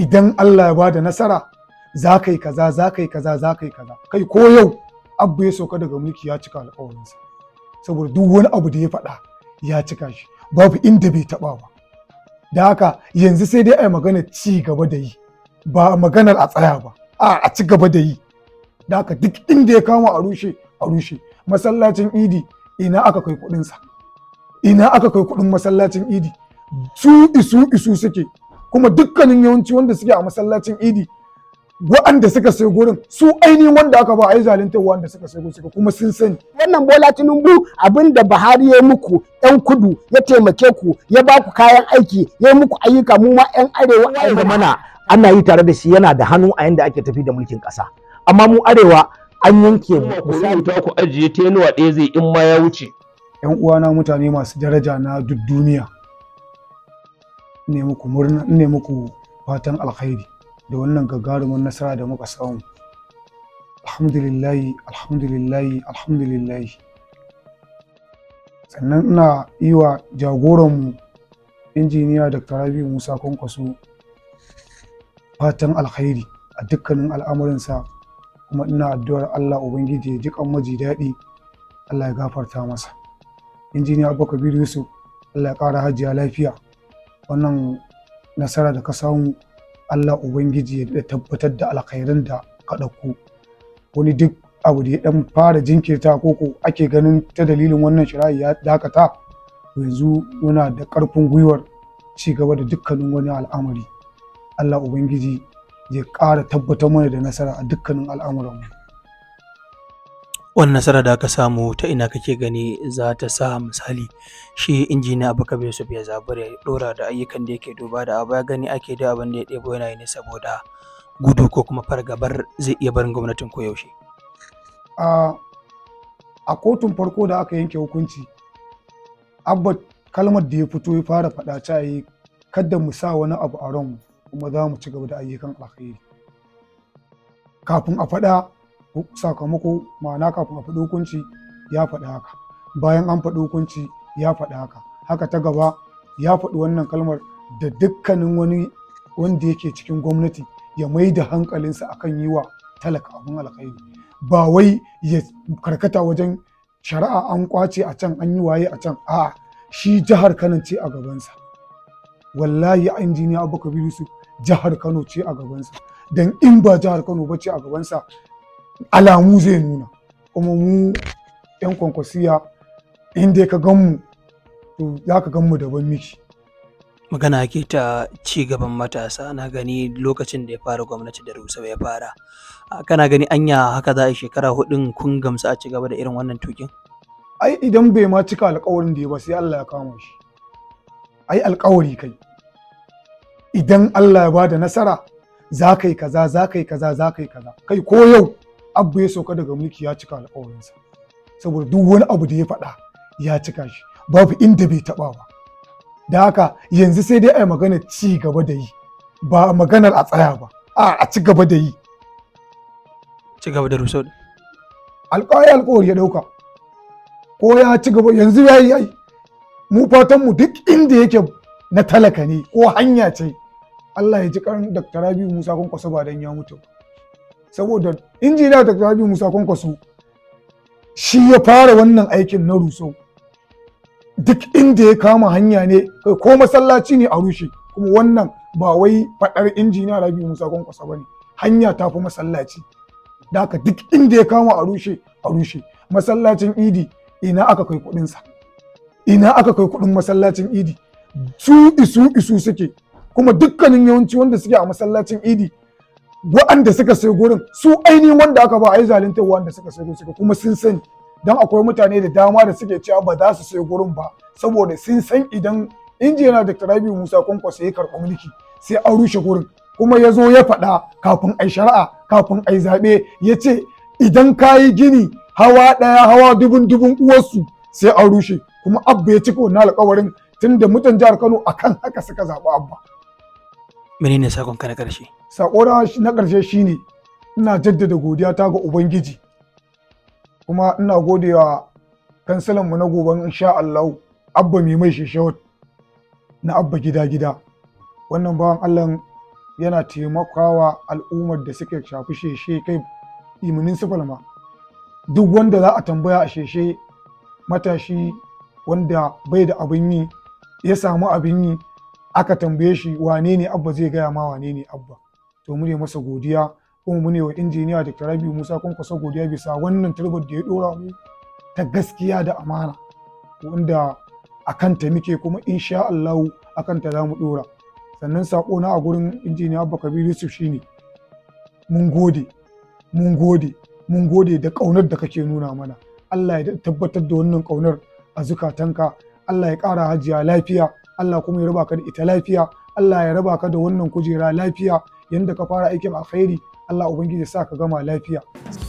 idan Allah ya bada nasara za ka yi kaza za ka yi kaza za ka yi kaza kai ko yau abu ya sauka daga mulki ya cika alƙawarinsa saboda duk wani abu da ya faɗa ya cika shi babu inda bai taɓa ba da haka yanzu sai dai a yi magana ci gaba da yi ba maganar a tsaya ba a a ci gaba da yi da haka duk inda ya kama a rushe a rushe masallacin idi ina aka kai kuɗinsa ina aka kai kuɗin masallacin idi su isu isu suke kuma dukkanin yawanci wanda suke a masallacin idi wa'anda suka sai gurin su ainihin wanda aka ba a yi zalunta wa'anda suka sai gurin kuma sun sani wannan bola tinubu abin da buhari ya muku yan kudu ya taimake ku ya ba ku kayan aiki ya muku ayyuka mu ma yan arewa ai mana ana yi tare da shi yana da hannu a yanda ake tafi da mulkin kasa amma mu arewa an yanke mu ku ku ajiye tenuwa ɗaya zai in ma ya wuce yan uwana mutane masu daraja na duk duniya ne muku murna fatan alkhairi da wannan gagarumin nasara da muka samu alhamdulillahi alhamdulillahi alhamdulillahi sannan ina yi wa jagoranmu injiniya dr rabi musa kwankwaso fatan alkhairi a dukkanin al'amuransa kuma ina addu'ar allah ubangiji ya ji maji daɗi allah ya gafarta masa injiniya abubakar yusuf allah ya ƙara hajiya lafiya wannan nasara da ka samu Allah Ubangiji ya tabbatar da alkhairin da ka ɗauko wani duk abu da ya ɗan fara jinkirta ko ake ganin ta dalilin wannan shirayi ya dakata yanzu muna da ƙarfin gwiwar ci gaba da dukkanin wani al'amari Allah Ubangiji zai ƙara tabbatar mana da nasara a dukkanin al'amuranmu. wani nasara da aka samu ta ina kake gani za ta sa misali shi injiniya abubakar su biya zabar ya dora da ayyukan da yake duba da abu ya gani ake da abin da ya ɗebo yana ne saboda gudu ko kuma fargabar zai iya barin gwamnatin koyaushe a kotun farko da aka yanke hukunci abba kalmar da ya fito ya fara faɗa ta yi kada mu sa wani abu a ranmu kuma za mu ci gaba da ayyukan alkhairi kafin a faɗa sakamako ma'ana kafin a faɗi hukunci ya faɗi haka bayan an faɗi hukunci ya faɗi haka haka ta gaba ya faɗi wannan kalmar da dukkanin wani wanda yake cikin gwamnati ya mai da hankalinsa akan yi wa talaka abin alkhairi ba wai ya karkata wajen shari'a an kwace a can an yi waye a can a'a shi jihar kano ce a gabansa wallahi injiniya kabiru su jihar kano ce a gabansa don in ba jihar kano ba ce a gabansa alamu zai nuna kuma mu yan kwankwasiya inda ka ganmu mu to za ka gan mu daban miki magana ke ta ci gaban matasa na gani lokacin da ya fara gwamnati da rusau ya fara kana gani anya haka za a shekara hudun kun gamsa a ci gaba da irin wannan tukin ai idan bai ma cika alkawarin da ya ba sai Allah ya kama shi ai alkawari kai idan Allah ya bada nasara za ka yi kaza za ka yi kaza za ka yi kaza kai ko yau abu ya sauka daga mulki ya cika alƙawarinsa saboda duk wani abu da ya faɗa ya cika shi babu inda bai taɓa ba da haka yanzu sai dai a yi magana ci gaba da yi ba maganar a tsaya ba a a ci gaba da yi ci gaba da rusau alƙawari alƙawari ya ɗauka ko ya ci gaba yanzu ya yi mu fatan mu duk inda yake na talaka ne ko hanya ce Allah ya ji kan Dr. Rabi Musa kun kwasa ba dan ya mutu saboda injiniya da rabi musa kwankwaso shi ya fara wannan aikin na ruso duk inda ya kama hanya ne ko masallaci ne a rushe kuma wannan ba wai faɗar injiniya rabi musa kwankwaso ba ne hanya ta fi masallaci Daka duk inda ya kama a rushe a rushe masallacin idi ina aka kai kuɗinsa ina aka kai kuɗin masallacin idi su isu isu suke kuma dukkanin yawanci wanda suke a masallacin idi waɗanda suka sai gurin su ainihin wanda aka ba a yi zalunta waɗanda suka sai gurin kuma sun sani don akwai mutane da dama da suke cewa ba za su sai gurin ba saboda sun san idan injiniya da rabi musa kwankwasa ya karɓi mulki sai an rushe gurin kuma ya zo ya faɗa kafin ai shari'a kafin a zaɓe ya ce idan ka yi gini hawa ɗaya hawa dubun dubun uwarsu sai an rushe kuma abba ya cika na alƙawarin da mutan jihar kano akan haka suka zaɓi abba menene sakon na ƙarshe sako na ƙarshe shine ina jaddada godiya ta ga ubangiji kuma ina godewa kansilan mu na goban insha Allah abba mai mai shishawar na abba gida gida wannan bawan Allah yana taimakawa al'ummar da suke shafi sheshe kai imanin sifal duk wanda za a tambaya a sheshe matashi wanda bai da abin yi ya samu abin yi aka tambaye shi wane ne abba zai gaya ma wane ne abba to mune masa godiya kuma mune wa injiniya da Rabi Musa kwankwasa godiya bisa wannan turbar da ya dora mu ta gaskiya da amana wanda a kanta muke kuma insha allahu a kanta za mu dora sannan sako na a gurin injiniya Abba Kabir Yusuf shine mun gode mun gode mun gode da kaunar da kake nuna mana Allah ya tabbatar da wannan kaunar a zukatanka Allah ya kara hajiya lafiya Allah kuma ya raba ka da ita lafiya Allah ya raba ka da wannan kujera lafiya yanda ka fara aikin alkhairi Allah ubangiji ya sa ka gama lafiya